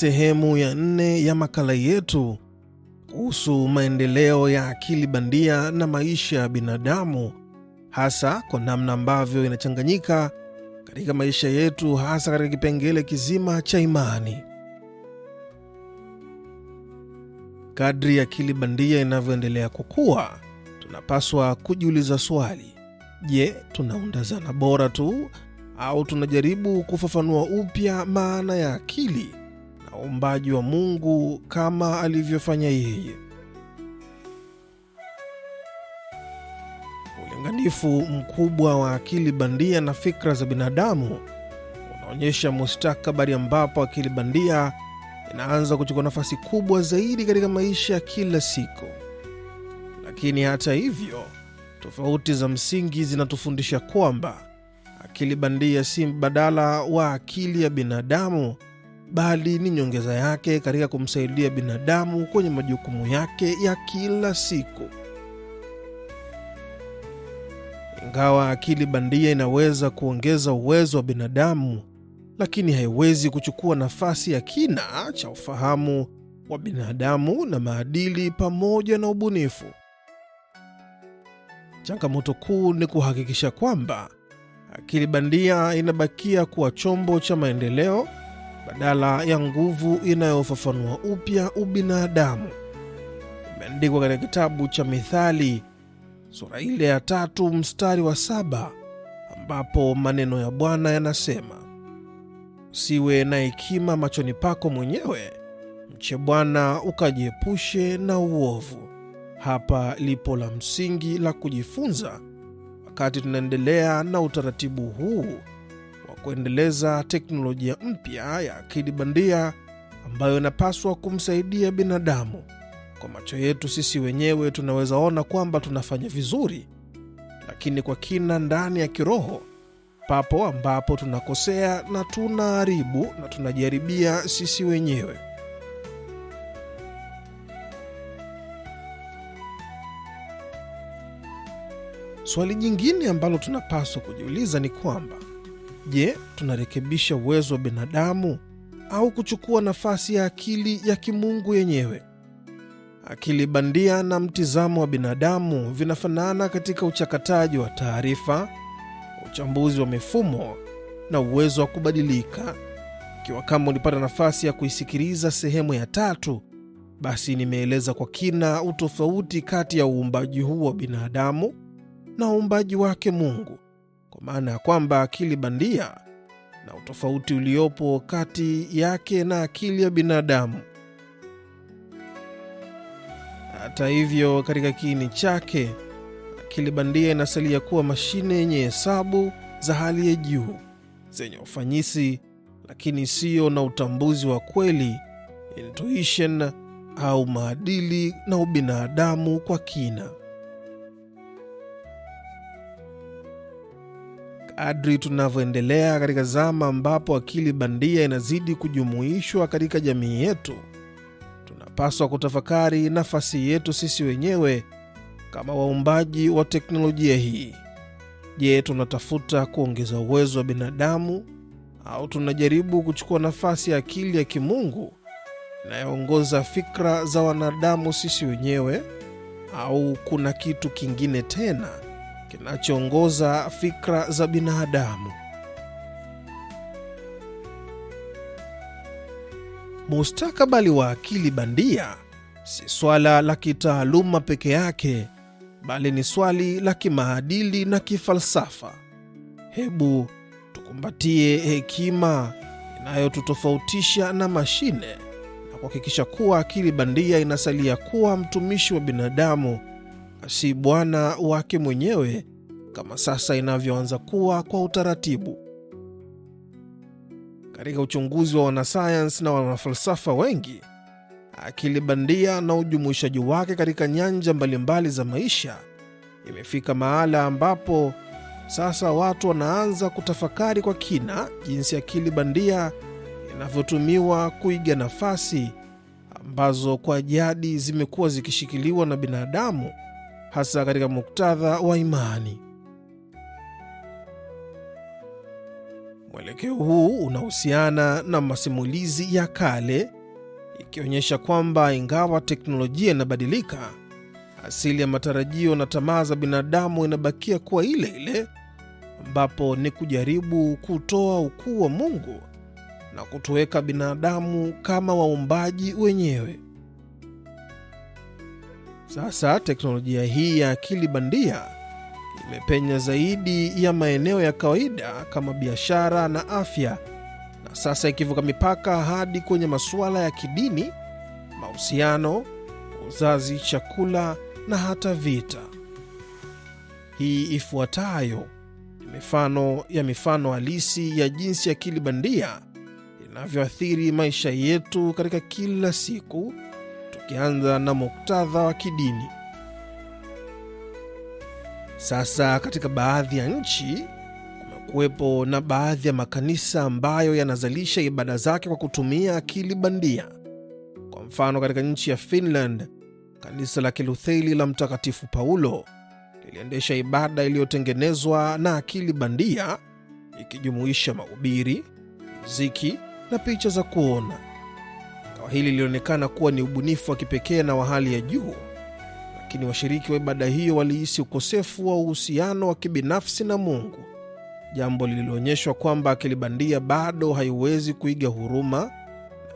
sehemu ya nne ya makala yetu kuhusu maendeleo ya akili bandia na maisha ya binadamu, hasa kwa namna ambavyo inachanganyika katika maisha yetu, hasa katika kipengele kizima cha imani. Kadri akili bandia inavyoendelea kukua, tunapaswa kujiuliza swali: je, tunaunda zana bora tu au tunajaribu kufafanua upya maana ya akili waumbaji wa Mungu kama alivyofanya yeye. Ulinganifu mkubwa wa akili bandia na fikra za binadamu unaonyesha mustakabali ambapo akili bandia inaanza kuchukua nafasi kubwa zaidi katika maisha ya kila siku. Lakini hata hivyo, tofauti za msingi zinatufundisha kwamba akili bandia si mbadala wa akili ya binadamu, bali ni nyongeza yake katika kumsaidia binadamu kwenye majukumu yake ya kila siku. Ingawa akili bandia inaweza kuongeza uwezo wa binadamu, lakini haiwezi kuchukua nafasi ya kina cha ufahamu wa binadamu na maadili pamoja na ubunifu. Changamoto kuu ni kuhakikisha kwamba akili bandia inabakia kuwa chombo cha maendeleo badala ya nguvu inayofafanua upya ubinadamu. Imeandikwa katika kitabu cha Mithali sura ile ya tatu mstari wa saba ambapo maneno ya Bwana yanasema, usiwe na hekima machoni pako mwenyewe, mche Bwana ukajiepushe na uovu. Hapa lipo la msingi la kujifunza wakati tunaendelea na utaratibu huu kuendeleza teknolojia mpya ya akili bandia ambayo inapaswa kumsaidia binadamu. Kwa macho yetu sisi wenyewe tunaweza ona kwamba tunafanya vizuri, lakini kwa kina ndani ya kiroho papo ambapo tunakosea na tunaharibu na tunajaribia sisi wenyewe. Swali jingine ambalo tunapaswa kujiuliza ni kwamba Je, tunarekebisha uwezo wa binadamu au kuchukua nafasi ya akili ya kimungu yenyewe? Akili bandia na mtizamo wa binadamu vinafanana katika uchakataji wa taarifa, uchambuzi wa mifumo na uwezo wa kubadilika. Ikiwa kama ulipata nafasi ya kuisikiliza sehemu ya tatu, basi nimeeleza kwa kina utofauti kati ya uumbaji huu wa binadamu na uumbaji wake Mungu kwa maana ya kwamba akili bandia na utofauti uliopo kati yake na akili ya binadamu. Hata hivyo, katika kiini chake akili bandia inasalia kuwa mashine yenye hesabu za hali ya juu zenye ufanyisi lakini isiyo na utambuzi wa kweli, intuition au maadili na ubinadamu kwa kina. kadri tunavyoendelea katika zama ambapo akili bandia inazidi kujumuishwa katika jamii yetu, tunapaswa kutafakari nafasi yetu sisi wenyewe kama waumbaji wa teknolojia hii. Je, tunatafuta kuongeza uwezo wa binadamu au tunajaribu kuchukua nafasi ya akili ya kimungu inayoongoza fikra za wanadamu sisi wenyewe, au kuna kitu kingine tena? kinachoongoza fikra za binadamu. Mustakabali wa akili bandia si swala la kitaaluma peke yake, bali ni swali la kimaadili na kifalsafa. Hebu tukumbatie hekima inayotutofautisha na mashine na kuhakikisha kuwa akili bandia inasalia kuwa mtumishi wa binadamu si bwana wake mwenyewe kama sasa inavyoanza kuwa kwa utaratibu. Katika uchunguzi wa wanasayansi na wanafalsafa wengi, akili bandia na ujumuishaji wake katika nyanja mbalimbali za maisha imefika mahala ambapo sasa watu wanaanza kutafakari kwa kina jinsi akili bandia inavyotumiwa kuiga nafasi ambazo kwa jadi zimekuwa zikishikiliwa na binadamu hasa katika muktadha wa imani. Mwelekeo huu unahusiana na masimulizi ya kale, ikionyesha kwamba ingawa teknolojia inabadilika, asili ya matarajio na tamaa za binadamu inabakia kuwa ile ile, ambapo ni kujaribu kutoa ukuu wa Mungu na kutoweka binadamu kama waumbaji wenyewe. Sasa teknolojia hii ya akili bandia imepenya zaidi ya maeneo ya kawaida kama biashara na afya, na sasa ikivuka mipaka hadi kwenye masuala ya kidini, mahusiano, uzazi, chakula na hata vita. Hii ifuatayo ni mifano ya mifano halisi ya jinsi akili bandia inavyoathiri maisha yetu katika kila siku tukianza na muktadha wa kidini. Sasa katika baadhi ya nchi kumekuwepo na baadhi ya makanisa ambayo yanazalisha ibada zake kwa kutumia akili bandia. Kwa mfano, katika nchi ya Finland, kanisa la kilutheli la Mtakatifu Paulo liliendesha ibada iliyotengenezwa na akili bandia ikijumuisha mahubiri, muziki na picha za kuona. Hili lilionekana kuwa ni ubunifu wa kipekee na wa hali ya juu, lakini washiriki wa ibada hiyo walihisi ukosefu wa uhusiano wa kibinafsi na Mungu, jambo lililoonyeshwa kwamba akilibandia bado haiwezi kuiga huruma na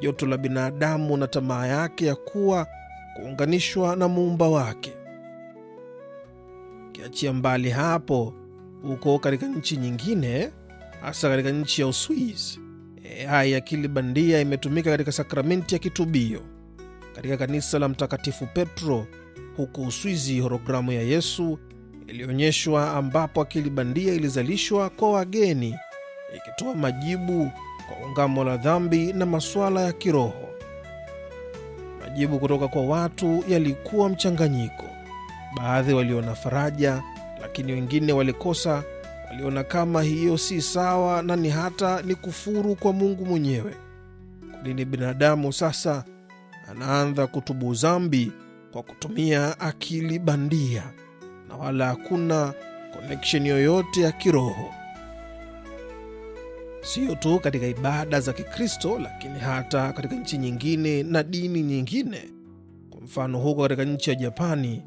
joto la binadamu na tamaa yake ya kuwa kuunganishwa na muumba wake. Kiachia mbali hapo, huko katika nchi nyingine, hasa katika nchi ya Uswizi, hai ya akili bandia imetumika katika sakramenti ya kitubio katika kanisa la Mtakatifu Petro huko Uswizi. Hologramu ya Yesu ilionyeshwa ambapo akili bandia ilizalishwa kwa wageni ikitoa majibu kwa ungamo la dhambi na masuala ya kiroho. Majibu kutoka kwa watu yalikuwa mchanganyiko, baadhi waliona faraja, lakini wengine walikosa waliona kama hiyo si sawa na ni hata ni kufuru kwa Mungu mwenyewe. Kwa nini binadamu sasa anaanza kutubu zambi kwa kutumia akili bandia na wala hakuna connection yoyote ya kiroho, sio tu katika ibada za Kikristo, lakini hata katika nchi nyingine na dini nyingine. Kwa mfano, huko katika nchi ya Japani,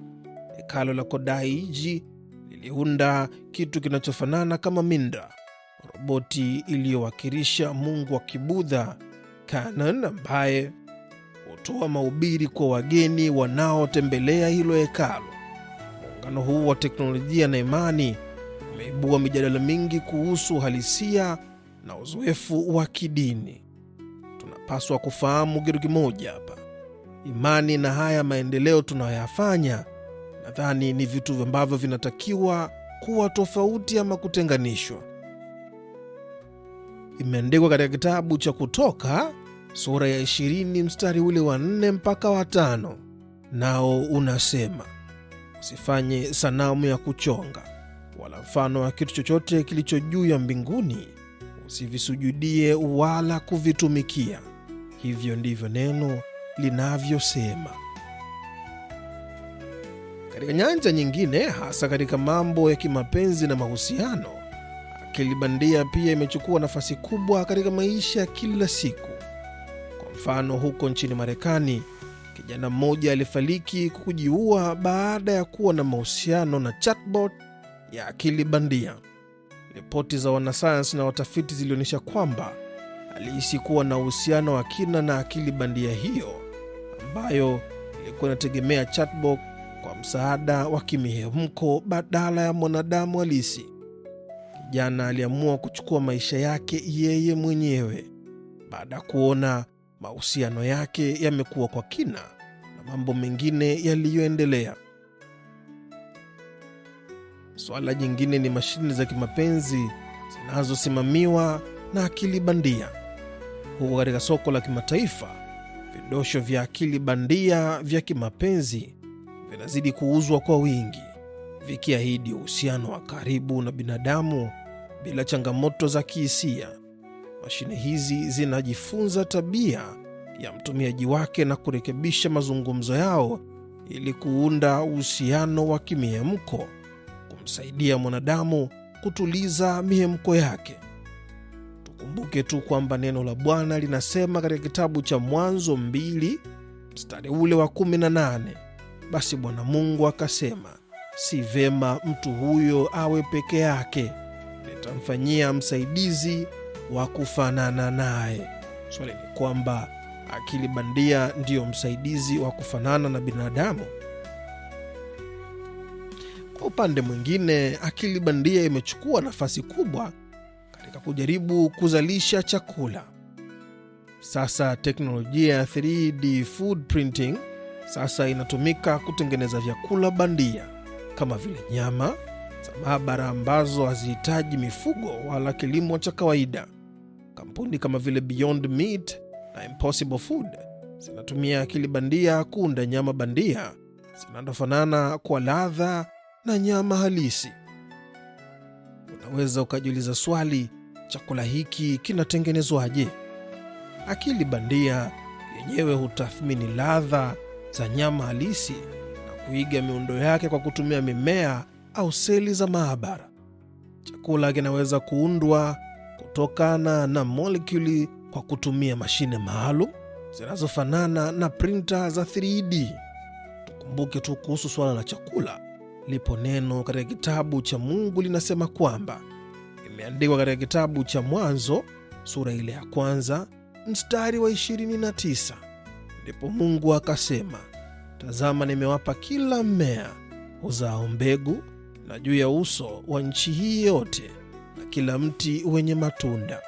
hekalo la Kodaiji iliunda kitu kinachofanana kama minda, roboti iliyowakilisha mungu wa Kibudha Kanan, ambaye hutoa maubiri kwa wageni wanaotembelea hilo hekalo. Muungano huu wa teknolojia na imani umeibua mijadala mingi kuhusu uhalisia na uzoefu wa kidini. Tunapaswa kufahamu kitu kimoja hapa: imani na haya maendeleo tunayoyafanya Nadhani ni vitu ambavyo vinatakiwa kuwa tofauti ama kutenganishwa. Imeandikwa katika kitabu cha Kutoka sura ya ishirini mstari ule wa nne mpaka wa tano nao unasema, usifanye sanamu ya kuchonga wala mfano wa kitu chochote kilicho juu ya mbinguni, usivisujudie wala kuvitumikia. Hivyo ndivyo neno linavyosema. Katika nyanja nyingine, hasa katika mambo ya kimapenzi na mahusiano, akili bandia pia imechukua nafasi kubwa katika maisha ya kila siku. Kwa mfano, huko nchini Marekani, kijana mmoja alifariki kwa kujiua baada ya kuwa na mahusiano na chatbot ya akili bandia. Ripoti za wanasayansi na watafiti zilionyesha kwamba alihisi kuwa na uhusiano wa kina na akili bandia hiyo ambayo ilikuwa inategemea chatbot msaada wa kimihemko badala ya mwanadamu halisi. Kijana aliamua kuchukua maisha yake yeye mwenyewe baada ya kuona mahusiano yake yamekuwa kwa kina na mambo mengine yaliyoendelea. Suala jingine ni mashine za kimapenzi zinazosimamiwa na akili bandia. Huko katika soko la kimataifa, vidosho vya akili bandia vya kimapenzi vinazidi kuuzwa kwa wingi, vikiahidi uhusiano wa karibu na binadamu bila changamoto za kihisia. Mashine hizi zinajifunza tabia ya mtumiaji wake na kurekebisha mazungumzo yao ili kuunda uhusiano wa kimihemko, kumsaidia mwanadamu kutuliza mihemko yake. Tukumbuke tu kwamba neno la Bwana linasema katika kitabu cha Mwanzo mbili mstari ule wa 18 basi Bwana Mungu akasema, si vema mtu huyo awe peke yake, nitamfanyia msaidizi wa kufanana naye. Swali ni kwamba akili bandia ndiyo msaidizi wa kufanana na binadamu? Kwa upande mwingine, akili bandia imechukua nafasi kubwa katika kujaribu kuzalisha chakula. Sasa teknolojia ya 3D food printing sasa inatumika kutengeneza vyakula bandia kama vile nyama za maabara ambazo hazihitaji mifugo wala kilimo cha kawaida. Kampuni kama vile Beyond Meat na Impossible Food zinatumia akili bandia kuunda nyama bandia zinazofanana kwa ladha na nyama halisi. Unaweza ukajiuliza swali, chakula hiki kinatengenezwaje? Akili bandia yenyewe hutathmini ladha za nyama halisi na kuiga miundo yake kwa kutumia mimea au seli za maabara. Chakula kinaweza kuundwa kutokana na molekuli kwa kutumia mashine maalum zinazofanana na printa za 3D. Tukumbuke tu kuhusu suala la chakula, lipo neno katika kitabu cha Mungu linasema kwamba imeandikwa katika kitabu cha Mwanzo sura ile ya kwanza mstari wa 29 Ndipo Mungu akasema, tazama, nimewapa kila mmea uzao mbegu na juu ya uso wa nchi hii yote na kila mti wenye matunda.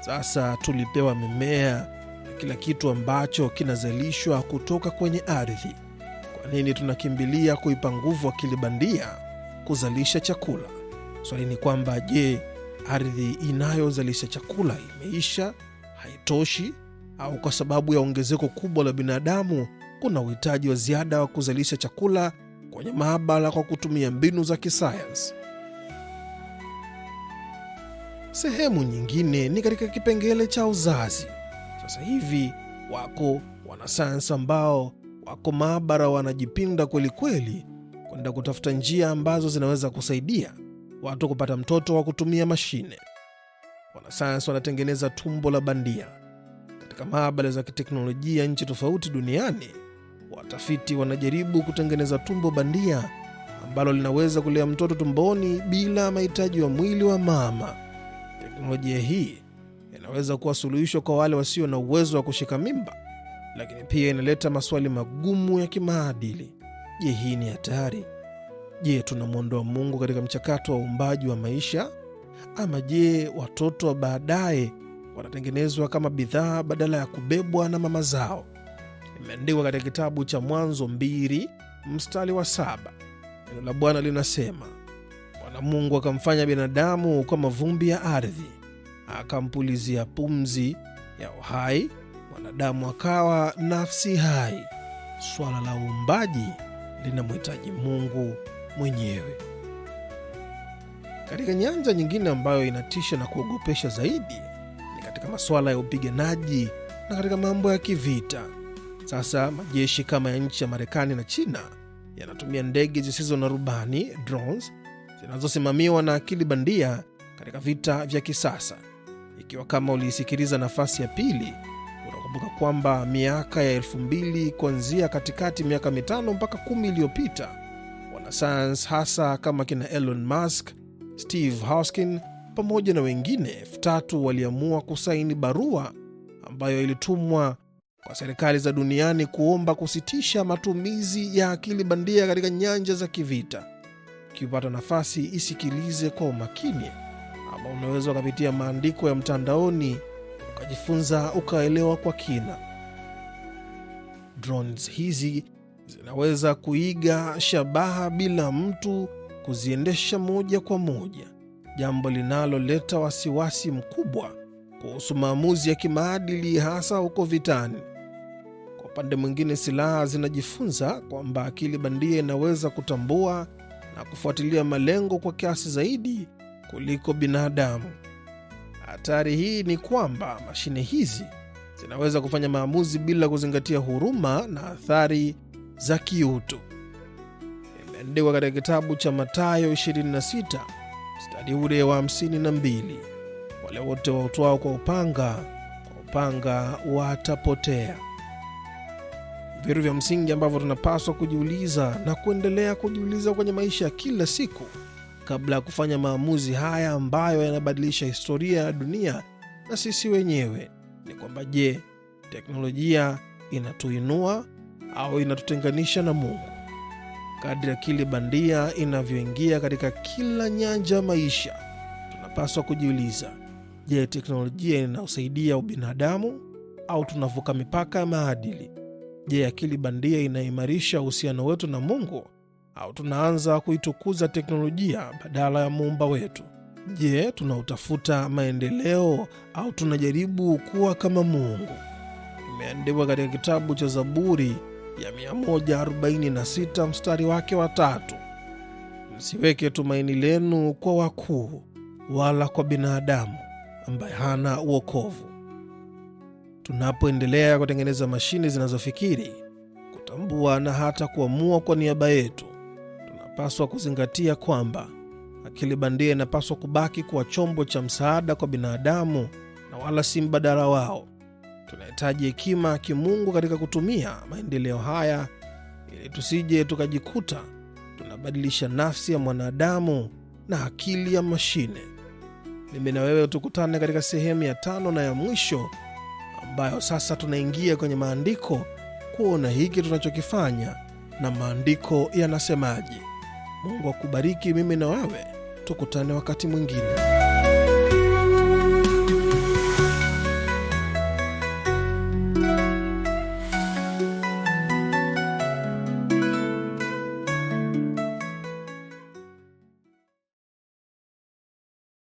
Sasa tulipewa mimea na kila kitu ambacho kinazalishwa kutoka kwenye ardhi. Kwa nini tunakimbilia kuipa nguvu akili bandia kuzalisha chakula? Swali ni kwamba je, ardhi inayozalisha chakula imeisha? Haitoshi? au kwa sababu ya ongezeko kubwa la binadamu, kuna uhitaji wa ziada wa kuzalisha chakula kwenye maabara kwa kutumia mbinu za kisayansi. Sehemu nyingine ni katika kipengele cha uzazi. Sasa hivi wako wanasayansi ambao wako maabara wanajipinda kwelikweli kwenda kutafuta njia ambazo zinaweza kusaidia watu kupata mtoto wa kutumia mashine. Wanasayansi wanatengeneza tumbo la bandia katika maabara za kiteknolojia nchi tofauti duniani, watafiti wanajaribu kutengeneza tumbo bandia ambalo linaweza kulea mtoto tumboni bila mahitaji ya mwili wa mama. Teknolojia hii inaweza kuwa suluhisho kwa wale wasio na uwezo wa kushika mimba, lakini pia inaleta maswali magumu ya kimaadili. Je, hii ni hatari? Je, tunamwondoa Mungu katika mchakato wa uumbaji wa maisha? Ama je, watoto wa baadaye watatengenezwa kama bidhaa badala ya kubebwa na mama zao. Imeandikwa katika kitabu cha Mwanzo mbili mstari wa saba. Neno la Bwana linasema, Bwana Mungu akamfanya binadamu kwa mavumbi ya ardhi, akampulizia pumzi ya uhai, mwanadamu akawa nafsi hai. Swala la uumbaji linamhitaji Mungu mwenyewe. Katika nyanja nyingine ambayo inatisha na kuogopesha zaidi katika masuala ya upiganaji na katika mambo ya kivita. Sasa majeshi kama ya nchi ya Marekani na China yanatumia ndege zisizo na rubani drones, zinazosimamiwa na akili bandia katika vita vya kisasa. Ikiwa kama uliisikiliza nafasi ya pili, unakumbuka kwamba miaka ya elfu mbili kuanzia katikati miaka mitano mpaka kumi iliyopita, wanasayansi hasa kama kina Elon Musk, Steve Hawking pamoja na wengine elfu tatu waliamua kusaini barua ambayo ilitumwa kwa serikali za duniani kuomba kusitisha matumizi ya akili bandia katika nyanja za kivita. Ukipata nafasi, isikilize kwa umakini, ama unaweza ukapitia maandiko ya mtandaoni ukajifunza ukaelewa kwa kina. Drones hizi zinaweza kuiga shabaha bila mtu kuziendesha moja kwa moja jambo linaloleta wasiwasi mkubwa kuhusu maamuzi ya kimaadili, hasa huko vitani. Kwa upande mwingine, silaha zinajifunza kwamba akili bandia inaweza kutambua na kufuatilia malengo kwa kiasi zaidi kuliko binadamu. Hatari hii ni kwamba mashine hizi zinaweza kufanya maamuzi bila kuzingatia huruma na athari za kiutu. Imeandikwa katika kitabu cha Mathayo 26 mstari ule wa hamsini na mbili wale wote wautwao kwa upanga kwa upanga watapotea. Vitu vya msingi ambavyo tunapaswa kujiuliza na kuendelea kujiuliza kwenye maisha ya kila siku kabla ya kufanya maamuzi haya ambayo yanabadilisha historia ya dunia na sisi wenyewe ni kwamba, je, teknolojia inatuinua au inatutenganisha na Mungu? Kadri akili bandia inavyoingia katika kila nyanja maisha, tunapaswa kujiuliza, je, teknolojia inayosaidia ubinadamu au tunavuka mipaka ya maadili? Je, akili bandia inaimarisha uhusiano wetu na Mungu au tunaanza kuitukuza teknolojia badala ya muumba wetu? Je, tunautafuta maendeleo au tunajaribu kuwa kama Mungu? Imeandikwa katika kitabu cha Zaburi ya 146 mstari wake wa tatu, msiweke tumaini lenu kwa wakuu wala kwa binadamu ambaye hana uokovu. Tunapoendelea kutengeneza mashine zinazofikiri, kutambua na hata kuamua kwa niaba yetu, tunapaswa kuzingatia kwamba akili bandia inapaswa kubaki kuwa chombo cha msaada kwa binadamu na wala si mbadala wao. Tunahitaji hekima kimungu katika kutumia maendeleo haya ili tusije tukajikuta tunabadilisha nafsi ya mwanadamu na akili ya mashine. Mimi na wewe tukutane katika sehemu ya tano na ya mwisho, ambayo sasa tunaingia kwenye maandiko kuona hiki tunachokifanya na maandiko yanasemaje. Mungu akubariki. Mimi na wewe tukutane wakati mwingine.